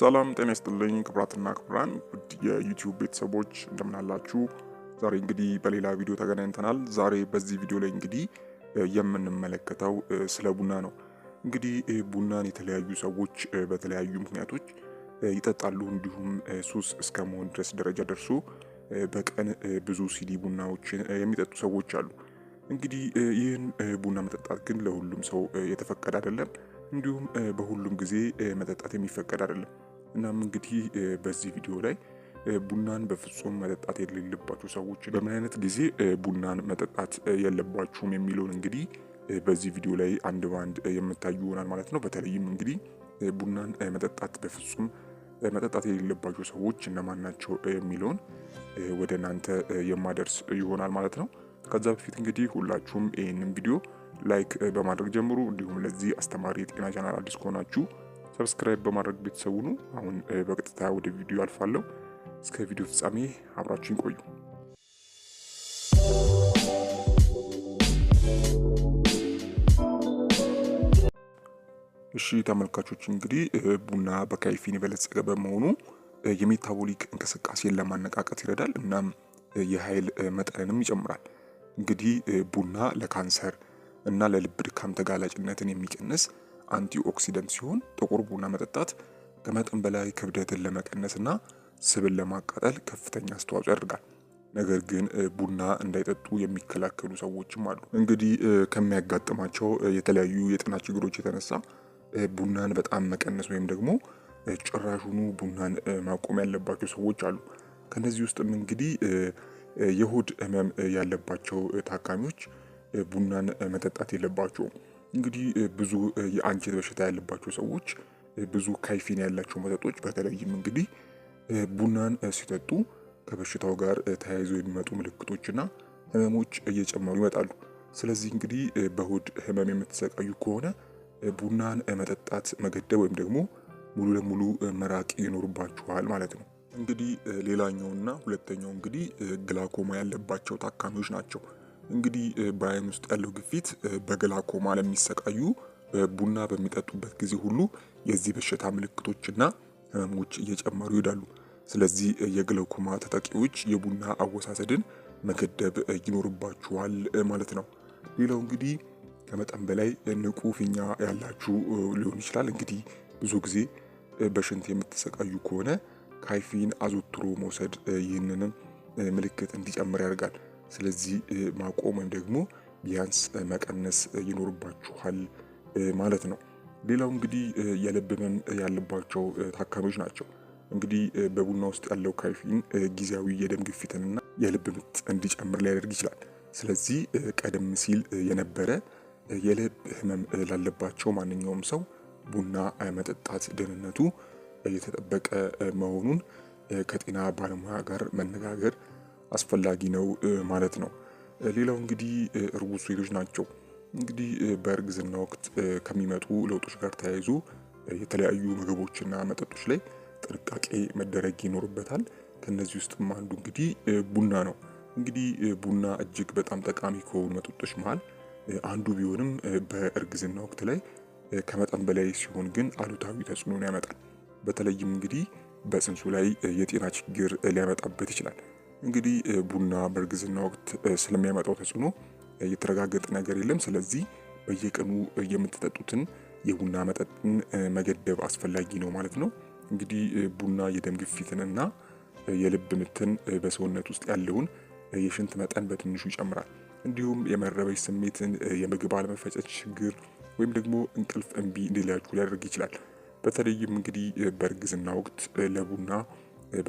ሰላም ጤና ይስጥልኝ ክብራትና ክብራን ውድ የዩቲዩብ ቤተሰቦች እንደምናላችሁ። ዛሬ እንግዲህ በሌላ ቪዲዮ ተገናኝተናል። ዛሬ በዚህ ቪዲዮ ላይ እንግዲህ የምንመለከተው ስለ ቡና ነው። እንግዲህ ቡናን የተለያዩ ሰዎች በተለያዩ ምክንያቶች ይጠጣሉ። እንዲሁም ሱስ እስከ መሆን ድረስ ደረጃ ደርሶ በቀን ብዙ ሲዲ ቡናዎች የሚጠጡ ሰዎች አሉ። እንግዲህ ይህን ቡና መጠጣት ግን ለሁሉም ሰው የተፈቀደ አይደለም። እንዲሁም በሁሉም ጊዜ መጠጣት የሚፈቀድ አይደለም። እናም እንግዲህ በዚህ ቪዲዮ ላይ ቡናን በፍጹም መጠጣት የሌለባቸው ሰዎች በምን አይነት ጊዜ ቡናን መጠጣት የለባችሁም የሚለውን እንግዲህ በዚህ ቪዲዮ ላይ አንድ በአንድ የምታዩ ይሆናል ማለት ነው። በተለይም እንግዲህ ቡናን መጠጣት በፍጹም መጠጣት የሌለባቸው ሰዎች እነማን ናቸው የሚለውን ወደ እናንተ የማደርስ ይሆናል ማለት ነው። ከዛ በፊት እንግዲህ ሁላችሁም ይህንን ቪዲዮ ላይክ በማድረግ ጀምሩ። እንዲሁም ለዚህ አስተማሪ የጤና ቻናል አዲስ ከሆናችሁ ሰብስክራይብ በማድረግ ቤተሰቡ አሁን በቀጥታ ወደ ቪዲዮ አልፋለሁ። እስከ ቪዲዮ ፍጻሜ አብራችሁን ቆዩ። እሺ ተመልካቾች እንግዲህ ቡና በካይፊን የበለጸገ በመሆኑ የሜታቦሊክ እንቅስቃሴን ለማነቃቀት ይረዳል። እናም የኃይል መጠንንም ይጨምራል። እንግዲህ ቡና ለካንሰር እና ለልብ ድካም ተጋላጭነትን የሚቀንስ አንቲ ኦክሲደንት ሲሆን ጥቁር ቡና መጠጣት ከመጠን በላይ ክብደትን ለመቀነስና ስብን ለማቃጠል ከፍተኛ አስተዋጽኦ ያደርጋል። ነገር ግን ቡና እንዳይጠጡ የሚከላከሉ ሰዎችም አሉ። እንግዲህ ከሚያጋጥማቸው የተለያዩ የጤና ችግሮች የተነሳ ቡናን በጣም መቀነስ ወይም ደግሞ ጭራሹኑ ቡናን ማቆም ያለባቸው ሰዎች አሉ። ከነዚህ ውስጥም እንግዲህ የሆድ ህመም ያለባቸው ታካሚዎች ቡናን መጠጣት የለባቸውም። እንግዲህ ብዙ የአንጀት በሽታ ያለባቸው ሰዎች ብዙ ካይፊን ያላቸው መጠጦች በተለይም እንግዲህ ቡናን ሲጠጡ ከበሽታው ጋር ተያይዘው የሚመጡ ምልክቶችና ህመሞች እየጨመሩ ይመጣሉ። ስለዚህ እንግዲህ በሆድ ህመም የምትሰቃዩ ከሆነ ቡናን መጠጣት መገደብ ወይም ደግሞ ሙሉ ለሙሉ መራቅ ይኖርባችኋል ማለት ነው። እንግዲህ ሌላኛውና ሁለተኛው እንግዲህ ግላኮማ ያለባቸው ታካሚዎች ናቸው። እንግዲህ በአይን ውስጥ ያለው ግፊት በግላኮማ ለሚሰቃዩ ቡና በሚጠጡበት ጊዜ ሁሉ የዚህ በሽታ ምልክቶችና ህመሞች እየጨመሩ ይሄዳሉ። ስለዚህ የግላኮማ ተጠቂዎች የቡና አወሳሰድን መገደብ ይኖርባችኋል ማለት ነው። ሌላው እንግዲህ ከመጠን በላይ ንቁ ፊኛ ያላችሁ ሊሆን ይችላል። እንግዲህ ብዙ ጊዜ በሽንት የምትሰቃዩ ከሆነ ካይፊን አዘውትሮ መውሰድ ይህንንም ምልክት እንዲጨምር ያደርጋል። ስለዚህ ማቆም ወይም ደግሞ ቢያንስ መቀነስ ይኖርባችኋል ማለት ነው። ሌላው እንግዲህ የልብ ህመም ያለባቸው ታካሚዎች ናቸው። እንግዲህ በቡና ውስጥ ያለው ካይፊን ጊዜያዊ የደም ግፊትንና የልብ ምት እንዲጨምር ሊያደርግ ይችላል። ስለዚህ ቀደም ሲል የነበረ የልብ ህመም ላለባቸው ማንኛውም ሰው ቡና መጠጣት ደህንነቱ የተጠበቀ መሆኑን ከጤና ባለሙያ ጋር መነጋገር አስፈላጊ ነው ማለት ነው። ሌላው እንግዲህ እርጉዝ ሴቶች ናቸው። እንግዲህ በእርግዝና ወቅት ከሚመጡ ለውጦች ጋር ተያይዞ የተለያዩ ምግቦችና መጠጦች ላይ ጥንቃቄ መደረግ ይኖርበታል። ከነዚህ ውስጥም አንዱ እንግዲህ ቡና ነው። እንግዲህ ቡና እጅግ በጣም ጠቃሚ ከሆኑ መጠጦች መሀል አንዱ ቢሆንም በእርግዝና ወቅት ላይ ከመጠን በላይ ሲሆን ግን አሉታዊ ተጽዕኖን ያመጣል። በተለይም እንግዲህ በጽንሱ ላይ የጤና ችግር ሊያመጣበት ይችላል። እንግዲህ ቡና በእርግዝና ወቅት ስለሚያመጣው ተጽዕኖ የተረጋገጠ ነገር የለም። ስለዚህ በየቀኑ የምትጠጡትን የቡና መጠጥን መገደብ አስፈላጊ ነው ማለት ነው። እንግዲህ ቡና የደም ግፊትን እና የልብ ምትን በሰውነት ውስጥ ያለውን የሽንት መጠን በትንሹ ይጨምራል። እንዲሁም የመረበሽ ስሜትን፣ የምግብ አለመፈጨት ችግር ወይም ደግሞ እንቅልፍ እምቢ እንዲላችሁ ሊያደርግ ይችላል። በተለይም እንግዲህ በእርግዝና ወቅት ለቡና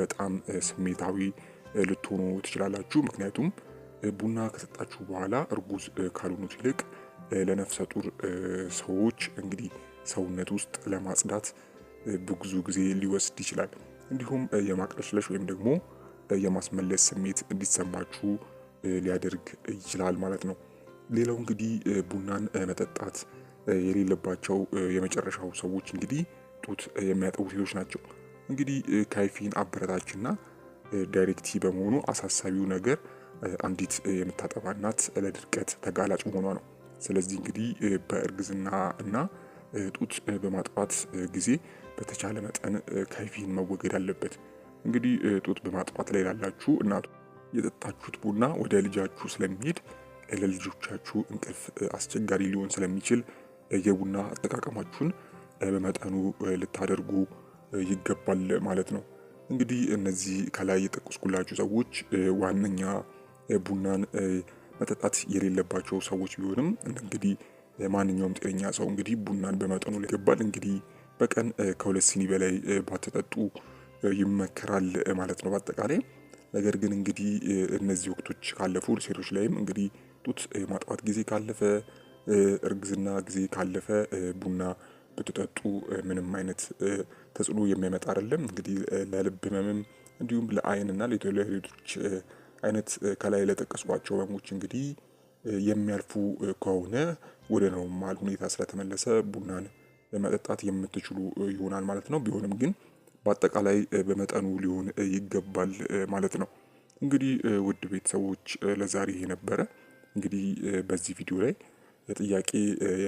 በጣም ስሜታዊ ልትሆኑ ትችላላችሁ። ምክንያቱም ቡና ከሰጣችሁ በኋላ እርጉዝ ካልሆኑት ይልቅ ለነፍሰ ጡር ሰዎች እንግዲህ ሰውነት ውስጥ ለማጽዳት ብዙ ጊዜ ሊወስድ ይችላል። እንዲሁም የማቅለሽለሽ ወይም ደግሞ የማስመለስ ስሜት እንዲሰማችሁ ሊያደርግ ይችላል ማለት ነው። ሌላው እንግዲህ ቡናን መጠጣት የሌለባቸው የመጨረሻው ሰዎች እንግዲህ ጡት የሚያጠቡ ሴቶች ናቸው። እንግዲህ ካይፊን አበረታችና ዳይሬክቲ በመሆኑ አሳሳቢው ነገር አንዲት የምታጠባ እናት ለድርቀት ተጋላጭ መሆኗ ነው። ስለዚህ እንግዲህ በእርግዝና እና ጡት በማጥባት ጊዜ በተቻለ መጠን ካይፊን መወገድ አለበት። እንግዲህ ጡት በማጥባት ላይ ላላችሁ እናቱ የጠጣችሁት ቡና ወደ ልጃችሁ ስለሚሄድ ለልጆቻችሁ እንቅልፍ አስቸጋሪ ሊሆን ስለሚችል የቡና አጠቃቀማችሁን በመጠኑ ልታደርጉ ይገባል ማለት ነው። እንግዲህ እነዚህ ከላይ የጠቀስኩላችሁ ሰዎች ዋነኛ ቡናን መጠጣት የሌለባቸው ሰዎች ቢሆንም እንግዲህ ማንኛውም ጤነኛ ሰው እንግዲህ ቡናን በመጠኑ ሊገባል። እንግዲህ በቀን ከሁለት ሲኒ በላይ ባትጠጡ ይመከራል ማለት ነው በአጠቃላይ። ነገር ግን እንግዲህ እነዚህ ወቅቶች ካለፉ ሴቶች ላይም እንግዲህ ጡት ማጥባት ጊዜ ካለፈ፣ እርግዝና ጊዜ ካለፈ ቡና ብትጠጡ ምንም አይነት ተጽዕኖ የሚያመጣ አይደለም። እንግዲህ ለልብ ህመምም እንዲሁም ለአይንና ለሌሎች አይነት ከላይ ለጠቀስኳቸው ህመሞች እንግዲህ የሚያልፉ ከሆነ ወደ ኖርማል ሁኔታ ስለተመለሰ ቡናን መጠጣት የምትችሉ ይሆናል ማለት ነው። ቢሆንም ግን በአጠቃላይ በመጠኑ ሊሆን ይገባል ማለት ነው። እንግዲህ ውድ ቤተሰቦች ለዛሬ ይሄ ነበረ። እንግዲህ በዚህ ቪዲዮ ላይ ጥያቄ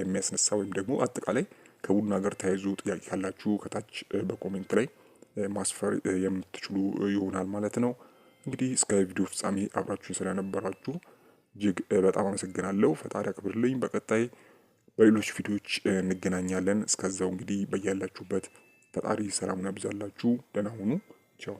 የሚያስነሳ ወይም ደግሞ አጠቃላይ ከቡና ጋር ተያይዞ ጥያቄ ካላችሁ ከታች በኮሜንት ላይ ማስፈር የምትችሉ ይሆናል ማለት ነው። እንግዲህ እስከ ቪዲዮ ፍጻሜ አብራችሁን ስለነበራችሁ እጅግ በጣም አመሰግናለሁ። ፈጣሪ አክብርልኝ። በቀጣይ በሌሎች ቪዲዮዎች እንገናኛለን። እስከዛው እንግዲህ በያላችሁበት ፈጣሪ ሰላሙን ያብዛላችሁ። ደህና ሁኑ። ቻው